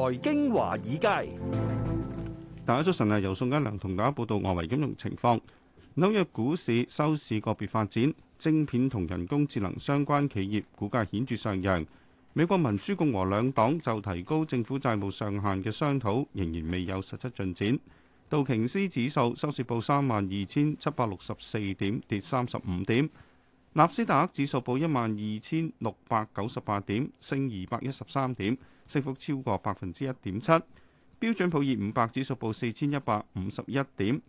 財經華爾街，大家早晨啊！由宋嘉良同大家報道外圍金融情況。紐約股市收市個別發展，晶片同人工智能相關企業股價顯著上揚。美國民主共和兩黨就提高政府債務上限嘅商討仍然未有實質進展。道瓊斯指數收市報三萬二千七百六十四點，跌三十五點。納斯達克指數報一萬二千六百九十八點，升二百一十三點，升幅超過百分之一點七。標準普爾五百指數報四千一百五十一點，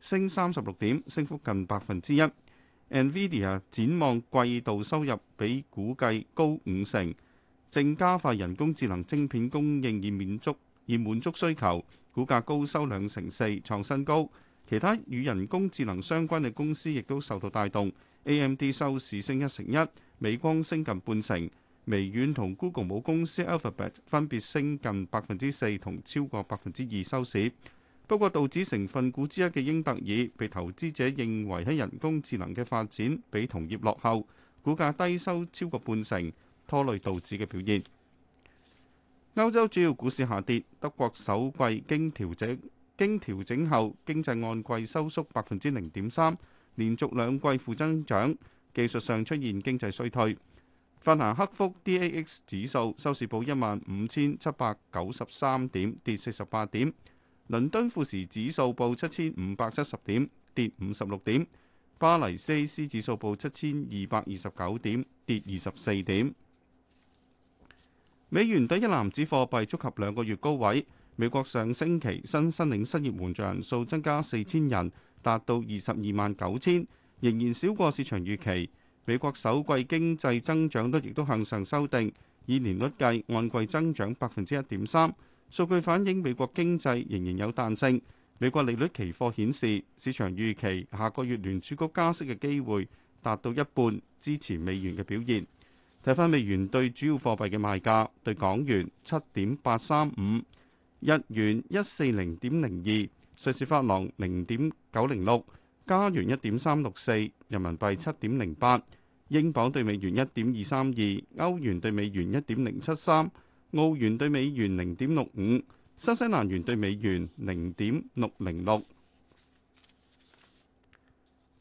升三十六點，升幅近百分之一。NVIDIA 展望季度收入比估計高五成，正加快人工智能晶片供應以滿足而滿足需求，股價高收兩成四，創新高。其他與人工智能相關嘅公司亦都受到帶動，AMD 收市升一成一，美光升近半成，微軟同 Google 母公司 Alphabet 分別升近百分之四同超過百分之二收市。不過道指成分股之一嘅英特爾被投資者認為喺人工智能嘅發展比同業落後，股價低收超過半成，拖累道指嘅表現。歐洲主要股市下跌，德國首季經調整，經調整後，經濟按季收縮百分之零點三，連續兩季負增長，技術上出現經濟衰退。法蘭克福 DAX 指數收市報一萬五千七百九十三點，跌四十八點；倫敦富時指數報七千五百七十點，跌五十六點；巴黎 CAC 指數報七千二百二十九點，跌二十四點。美元兌一籃子貨幣觸及兩個月高位。美國上星期新申領失業援助人數增加四千人，達到二十二萬九千，仍然少過市場預期。美國首季經濟增長率亦都向上修訂，以年率計按季增長百分之一點三。數據反映美國經濟仍然有彈性。美國利率期貨顯示市場預期下個月聯儲局加息嘅機會達到一半，支持美元嘅表現。睇返美元對主要貨幣嘅賣價，對港元七點八三五。日元一四零點零二，瑞士法郎零點九零六，加元一點三六四，人民幣七點零八，英鎊兌美元一點二三二，歐元兌美元一點零七三，澳元兌美元零點六五，新西蘭元兌美元零點六零六。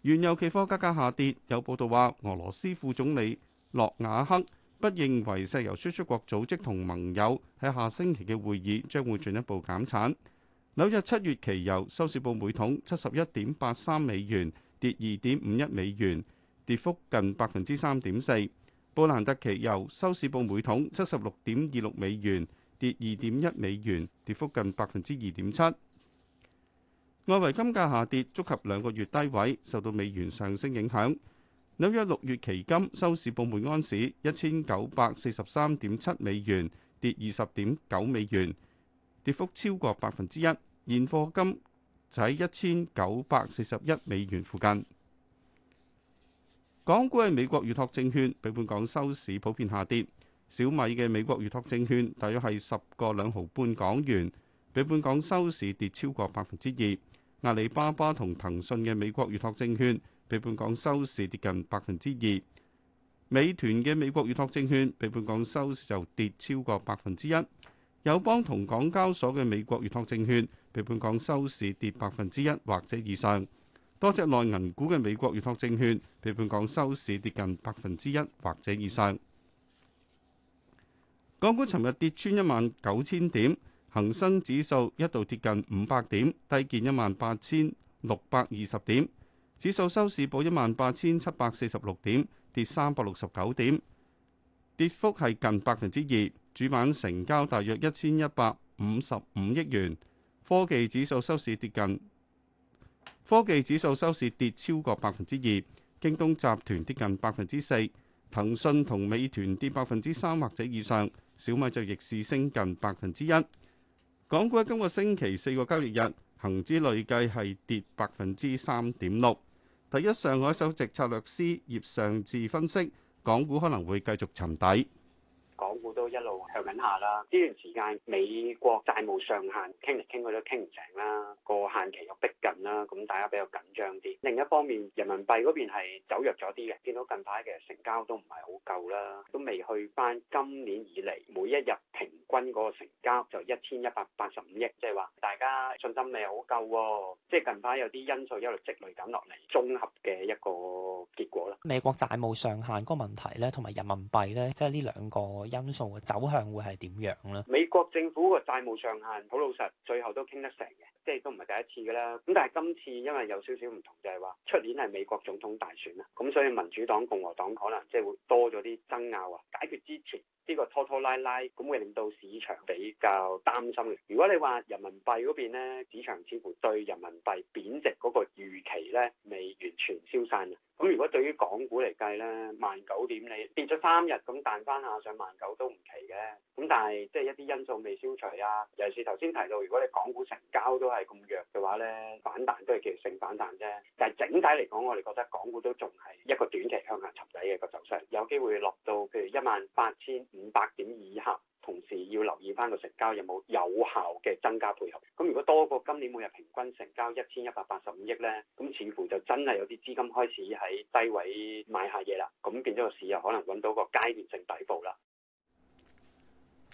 原油期貨價格下跌，有報道話俄羅斯副總理諾瓦克。不認為石油輸出國組織同盟友喺下星期嘅會議將會進一步減產。紐約七月期油收市報每桶七十一點八三美元，跌二點五一美元，跌幅近百分之三點四。布蘭特期油收市報每桶七十六點二六美元，跌二點一美元，跌幅近百分之二點七。外圍金價下跌，觸及兩個月低位，受到美元上升影響。紐約六月期金收市報每安士一千九百四十三點七美元，跌二十點九美元，跌幅超過百分之一。現貨金就喺一千九百四十一美元附近。港股嘅美國預託證券，比本港收市普遍下跌。小米嘅美國預託證券大約係十個兩毫半港元，比本港收市跌超過百分之二。阿里巴巴同騰訊嘅美國預託證券。.比本港收市跌近百分之二，美團嘅美國預託證券比本港收市就跌超過百分之一；友邦同港交所嘅美國預託證券比本港收市跌百分之一或者以上。多隻內銀股嘅美國預託證券比本港收市跌近百分之一或者以上。港股尋日跌穿一萬九千點，恒生指數一度跌近五百點，低見一萬八千六百二十點。指數收市報一萬八千七百四十六點，跌三百六十九點，跌幅係近百分之二。主板成交大約一千一百五十五億元。科技指數收市跌近，科技指數收市跌超過百分之二。京東集團跌近百分之四，騰訊同美團跌百分之三或者以上。小米就逆市升近百分之一。港股喺今個星期四個交易日，恒指累計係跌百分之三點六。第一上海首席策略師葉尚志分析，港股可能會繼續沉底。港股都一路向緊下啦。呢段時間美國債務上限傾嚟傾去都傾唔成啦，個限期又逼近啦，咁大家比較緊張啲。另一方面，人民幣嗰邊係走弱咗啲嘅，見到近排嘅成交都唔係好夠啦，都未去翻今年以嚟每一日平均嗰個成交就一千一百八十五億，即係話大家信心未好夠喎，即係近排有啲因素一路積累緊落嚟，綜合嘅一個結。結。美國債務上限嗰個問題咧，同埋人民幣咧，即係呢兩個因素嘅走向會係點樣咧？美國政府個債務上限，好老實，最後都傾得成嘅，即係都唔係第一次㗎啦。咁但係今次因為有少少唔同，就係話出年係美國總統大選啊，咁所以民主黨、共和黨可能即係會多咗啲爭拗啊。解決之前。呢個拖拖拉拉咁會令到市場比較擔心嘅。如果你話人民幣嗰邊咧，市場似乎對人民幣貶值嗰個預期呢未完全消散啊。咁如果對於港股嚟計呢，萬九點你跌咗三日咁彈翻下上萬九都唔奇嘅。咁但係即係一啲因素未消除啊。尤其是頭先提到，如果你港股成交都係咁弱嘅話呢，反彈都係技術性反彈啫。但係整體嚟講，我哋覺得港股都仲係一個短期向下沉底嘅個走勢，有機會落到譬如一萬八千五百點以下，同時要留意返個成交有冇有效嘅增加配合。咁如果多過今年每日平均成交一千一百八十五億呢，咁似乎就真係有啲資金開始喺低位買下嘢啦。咁變咗個市又可能揾到個階段性底部啦。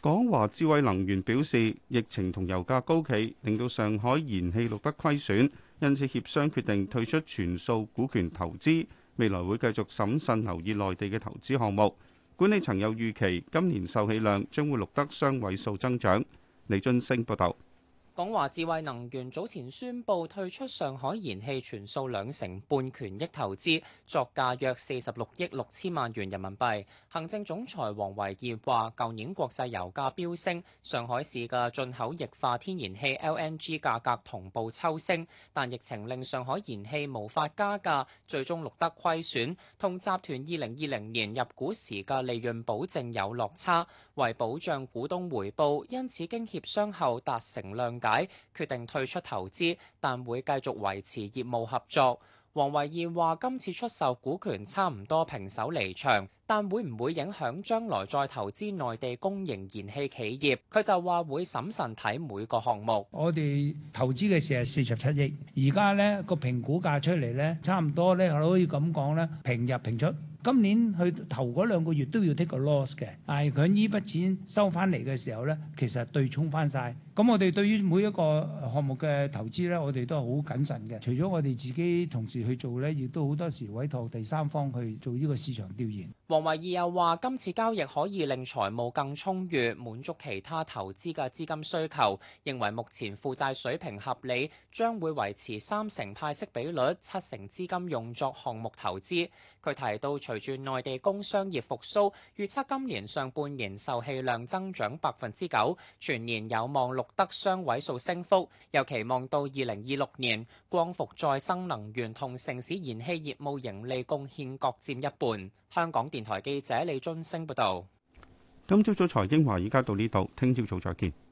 港華智慧能源表示，疫情同油價高企令到上海燃氣錄得虧損，因此協商決定退出全數股權投資，未來會繼續審慎留意內地嘅投資項目。管理層又預期，今年受氣量將會錄得雙位數增長。李俊升報導。港華智慧能源早前宣布退出上海燃氣，全數兩成半權益投資，作價約四十六億六千萬元人民幣。行政總裁黃維健話：舊年國際油價飆升，上海市嘅進口液化天然氣 （LNG） 價格同步抽升，但疫情令上海燃氣無法加價，最終錄得虧損，同集團二零二零年入股時嘅利潤保證有落差。為保障股東回報，因此經協商後達成量。解決定退出投資，但會繼續維持業務合作。王維燕話：今次出售股權差唔多平手離場，但會唔會影響將來再投資內地公營燃氣企業？佢就話會審慎睇每個項目。我哋投資嘅時候係四十七億，而家咧個評估價出嚟咧，差唔多咧，可以咁講咧，平入平出。今年去頭嗰兩個月都要 take a loss 嘅，但係佢呢筆錢收翻嚟嘅時候咧，其實對沖翻晒，咁我哋對於每一個項目嘅投資咧，我哋都係好謹慎嘅。除咗我哋自己同時去做咧，亦都好多時委託第三方去做呢個市場調研。黃維儀又話今次交易可以令財務更充裕，滿足其他投資嘅資金需求。認為目前負債水平合理，將會維持三成派息比率，七成資金用作項目投資，佢提到除。隨住內地工商業復蘇，預測今年上半年售氣量增長百分之九，全年有望錄得雙位數升幅。又期望到二零二六年，光伏再生能源同城市燃氣業務盈利貢獻各佔一半。香港電台記者李津升報道。今朝早財經華爾街，而家到呢度，聽朝早再見。